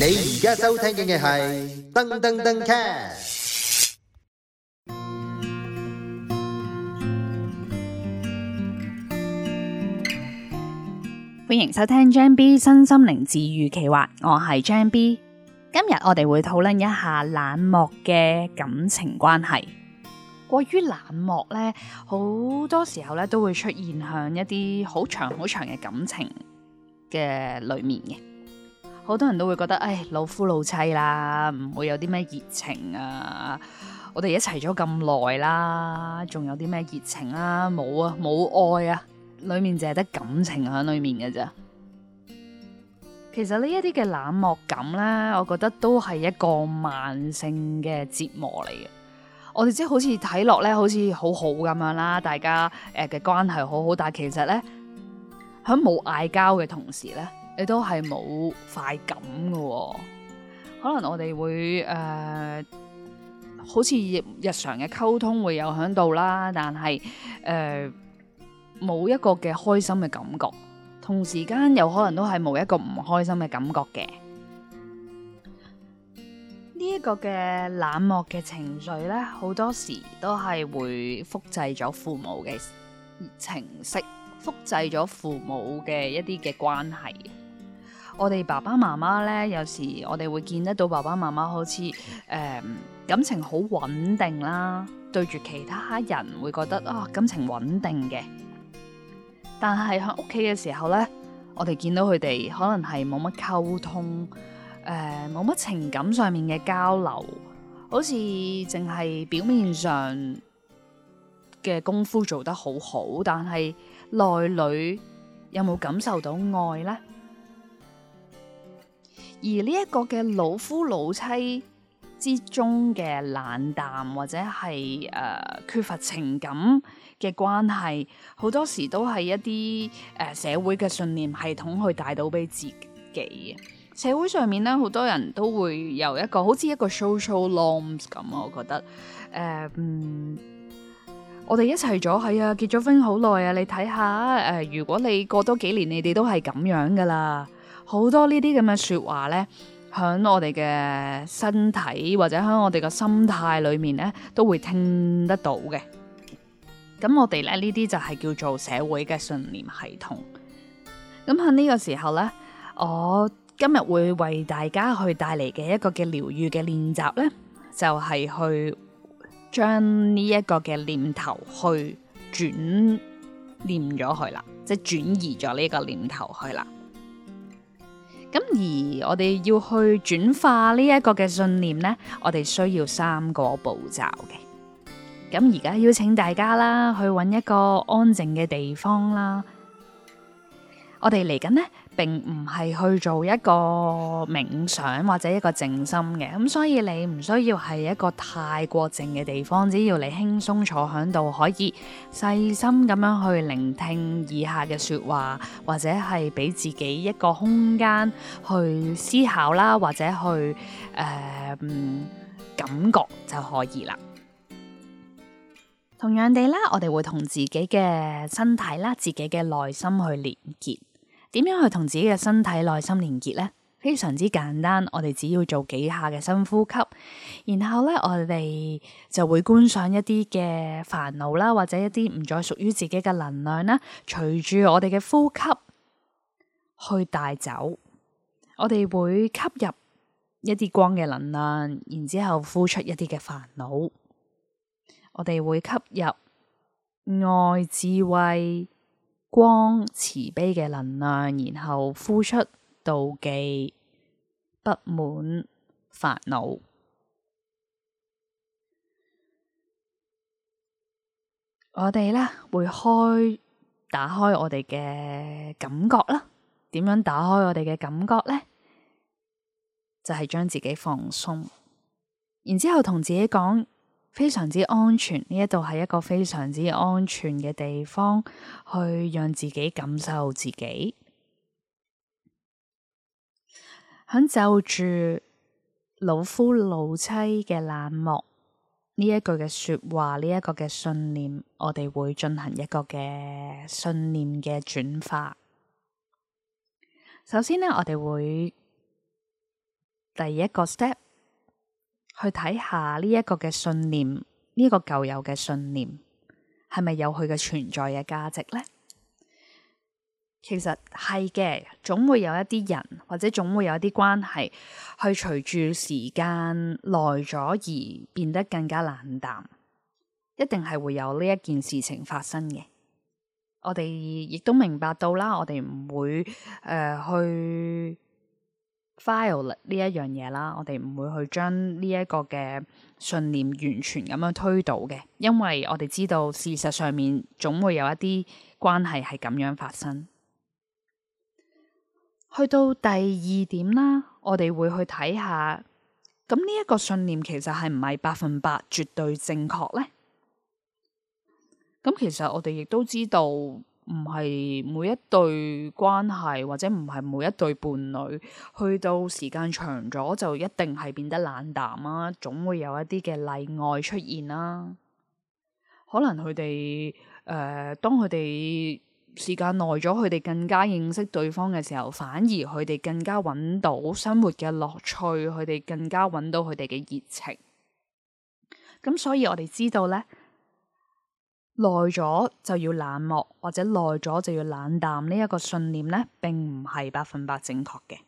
你而家收聽緊嘅係噔噔噔 cast，歡迎收聽張 B 身心靈治愈奇話，我係張 B。今日我哋會討論一下冷漠嘅感情關係。過於冷漠咧，好多時候咧都會出現向一啲好長好長嘅感情嘅裏面嘅。好多人都會覺得，唉，老夫老妻啦，唔會有啲咩熱情啊！我哋一齊咗咁耐啦，仲有啲咩熱情啊？冇啊，冇愛啊，裡面淨係得感情喺裡面嘅啫。其實呢一啲嘅冷漠感咧，我覺得都係一個慢性嘅折磨嚟嘅。我哋即係好似睇落咧，好似好好咁樣啦，大家誒嘅關係好好，但係其實咧，喺冇嗌交嘅同時咧。你都係冇快感嘅、哦，可能我哋會誒、呃、好似日常嘅溝通會有喺度啦，但係誒冇一個嘅開心嘅感覺，同時間有可能都係冇一個唔開心嘅感覺嘅。呢、這、一個嘅冷漠嘅情緒咧，好多時都係會複製咗父母嘅程式，複製咗父母嘅一啲嘅關係。我哋爸爸媽媽呢，有時我哋會見得到爸爸媽媽好似誒、呃、感情好穩定啦，對住其他人會覺得啊、呃、感情穩定嘅，但係喺屋企嘅時候呢，我哋見到佢哋可能係冇乜溝通，誒冇乜情感上面嘅交流，好似淨係表面上嘅功夫做得好好，但係內裏有冇感受到愛呢？而呢一個嘅老夫老妻之中嘅冷淡或者係誒、呃、缺乏情感嘅關係，好多時都係一啲誒、呃、社會嘅信念系統去帶到俾自己。社會上面咧，好多人都會有一個好似一個 social norms 咁，我覺得誒嗯、呃，我哋一齊咗係啊，結咗婚好耐啊，你睇下誒，如果你過多幾年，你哋都係咁樣噶啦。好多呢啲咁嘅説話呢，喺我哋嘅身體或者喺我哋嘅心態裏面呢，都會聽得到嘅。咁我哋咧呢啲就係叫做社會嘅信念系統。咁喺呢個時候呢，我今日會為大家去帶嚟嘅一個嘅療愈嘅練習呢，就係去將呢一個嘅念頭去轉念咗佢啦，即係轉移咗呢個念頭去啦。咁而我哋要去轉化呢一個嘅信念呢，我哋需要三個步驟嘅。咁而家邀請大家啦，去揾一個安靜嘅地方啦。我哋嚟緊呢，並唔係去做一個冥想或者一個靜心嘅，咁所以你唔需要係一個太過靜嘅地方，只要你輕鬆坐響度，可以細心咁樣去聆聽以下嘅說話，或者係俾自己一個空間去思考啦，或者去誒、呃、感覺就可以啦。同樣地啦，我哋會同自己嘅身體啦，自己嘅內心去連結。點樣去同自己嘅身體內心連結呢？非常之簡單，我哋只要做幾下嘅深呼吸，然後咧我哋就會觀想一啲嘅煩惱啦，或者一啲唔再屬於自己嘅能量啦，隨住我哋嘅呼吸去帶走。我哋會吸入一啲光嘅能量，然之後呼出一啲嘅煩惱。我哋會吸入愛智慧。光慈悲嘅能量，然後呼出妒忌、不滿、煩惱。我哋咧會開，打開我哋嘅感覺啦，點樣打開我哋嘅感覺咧？就係、是、將自己放鬆，然之後同自己講。非常之安全，呢一度係一個非常之安全嘅地方，去讓自己感受自己。響就住老夫老妻嘅冷漠，呢一句嘅說話，呢一個嘅信念，我哋會進行一個嘅信念嘅轉化。首先呢，我哋會第一個 step。去睇下呢一個嘅信念，呢、這個舊有嘅信念係咪有佢嘅存在嘅價值呢？其實係嘅，總會有一啲人或者總會有一啲關係，去隨住時間耐咗而變得更加冷淡，一定係會有呢一件事情發生嘅。我哋亦都明白到啦，我哋唔會誒、呃、去。file 呢一樣嘢啦，我哋唔會去將呢一個嘅信念完全咁樣推倒嘅，因為我哋知道事實上面總會有一啲關係係咁樣發生。去到第二點啦，我哋會去睇下，咁呢一個信念其實係唔係百分百絕對正確呢？咁其實我哋亦都知道。唔係每一對關係或者唔係每一對伴侶，去到時間長咗就一定係變得冷淡啦、啊。總會有一啲嘅例外出現啦、啊。可能佢哋誒，當佢哋時間耐咗，佢哋更加認識對方嘅時候，反而佢哋更加揾到生活嘅樂趣，佢哋更加揾到佢哋嘅熱情。咁所以我哋知道咧。耐咗就要冷漠，或者耐咗就要冷淡呢一個信念呢，並唔係百分百正確嘅。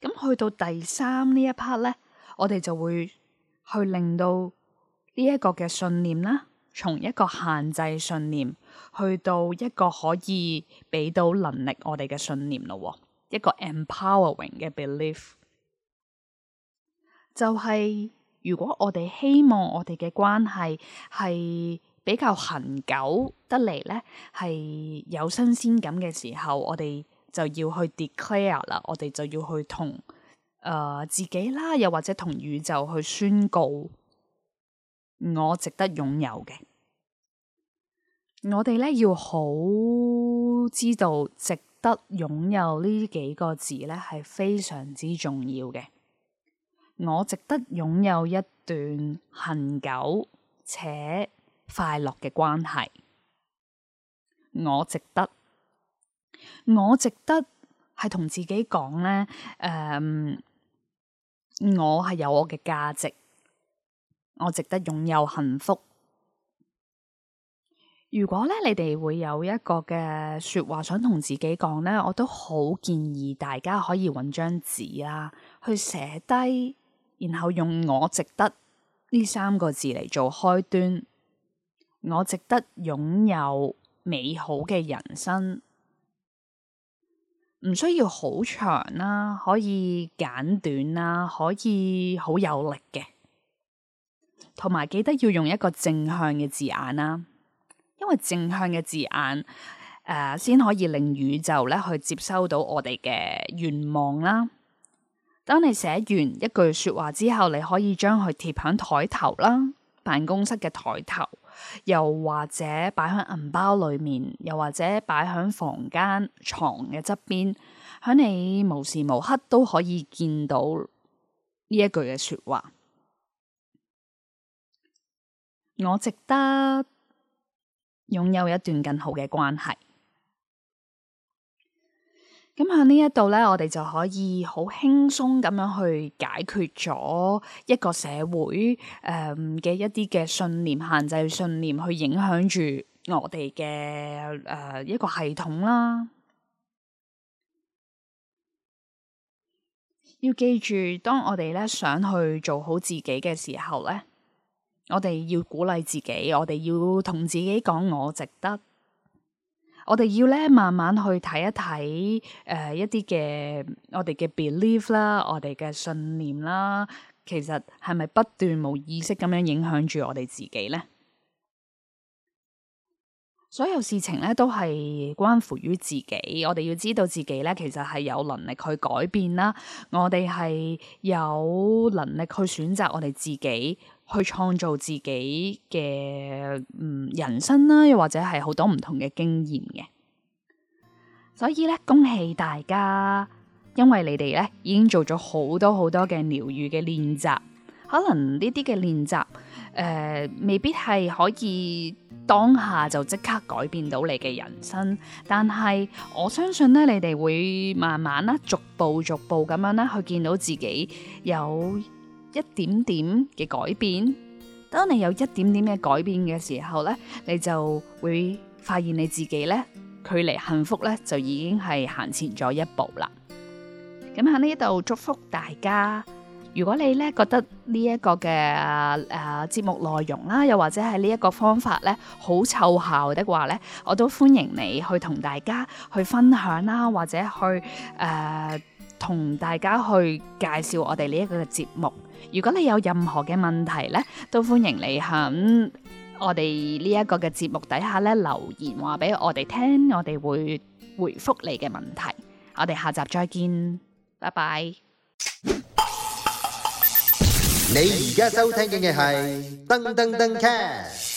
咁去到第三呢一 part 呢，我哋就會去令到呢一個嘅信念啦，從一個限制信念去到一個可以俾到能力我哋嘅信念咯，一個 empowering 嘅 belief，就係。如果我哋希望我哋嘅關係係比較恆久得嚟咧，係有新鮮感嘅時候，我哋就要去 declare 啦，我哋就要去同誒、呃、自己啦，又或者同宇宙去宣告我值得擁有嘅。我哋咧要好知道值得擁有呢幾個字咧，係非常之重要嘅。我值得擁有一段恆久且快樂嘅關係。我值得，我值得係同自己講呢。誒、嗯，我係有我嘅價值，我值得擁有幸福。如果咧你哋會有一個嘅說話想同自己講呢，我都好建議大家可以揾張紙啦、啊，去寫低。然後用我值得呢三個字嚟做開端，我值得擁有美好嘅人生，唔需要好長啦，可以簡短啦，可以好有力嘅，同埋記得要用一個正向嘅字眼啦，因為正向嘅字眼誒、呃，先可以令宇宙咧去接收到我哋嘅願望啦。當你寫完一句說話之後，你可以將佢貼響台頭啦，辦公室嘅台頭，又或者擺響銀包裏面，又或者擺響房間床嘅側邊，喺你無時無刻都可以見到呢一句嘅說話。我值得擁有一段更好嘅關係。咁喺、嗯、呢一度咧，我哋就可以好輕鬆咁樣去解決咗一個社會誒嘅、呃、一啲嘅信念限制，信念去影響住我哋嘅誒一個系統啦。要記住，當我哋咧想去做好自己嘅時候咧，我哋要鼓勵自己，我哋要同自己講，我值得。我哋要咧慢慢去睇一睇，誒、呃、一啲嘅我哋嘅 belief 啦，我哋嘅信念啦，其實係咪不不斷冇意識咁樣影響住我哋自己咧？所有事情咧都係關乎於自己，我哋要知道自己咧其實係有能力去改變啦，我哋係有能力去選擇我哋自己，去創造自己嘅嗯人生啦，又或者係好多唔同嘅經驗嘅。所以咧，恭喜大家，因為你哋咧已經做咗好多好多嘅療愈嘅練習，可能呢啲嘅練習誒未必係可以。當下就即刻改變到你嘅人生，但係我相信咧，你哋會慢慢啦，逐步逐步咁樣啦，去見到自己有一點點嘅改變。當你有一點點嘅改變嘅時候咧，你就會發現你自己咧，距離幸福咧就已經係行前咗一步啦。咁喺呢一度祝福大家。如果你咧覺得呢一個嘅誒、啊、節目內容啦，又或者係呢一個方法咧好奏效的話咧，我都歡迎你去同大家去分享啦，或者去誒、呃、同大家去介紹我哋呢一個嘅節目。如果你有任何嘅問題咧，都歡迎你喺我哋呢一個嘅節目底下咧留言話俾我哋聽，我哋會回覆你嘅問題。我哋下集再見，拜拜。你而家收聽嘅係噔噔噔 cat。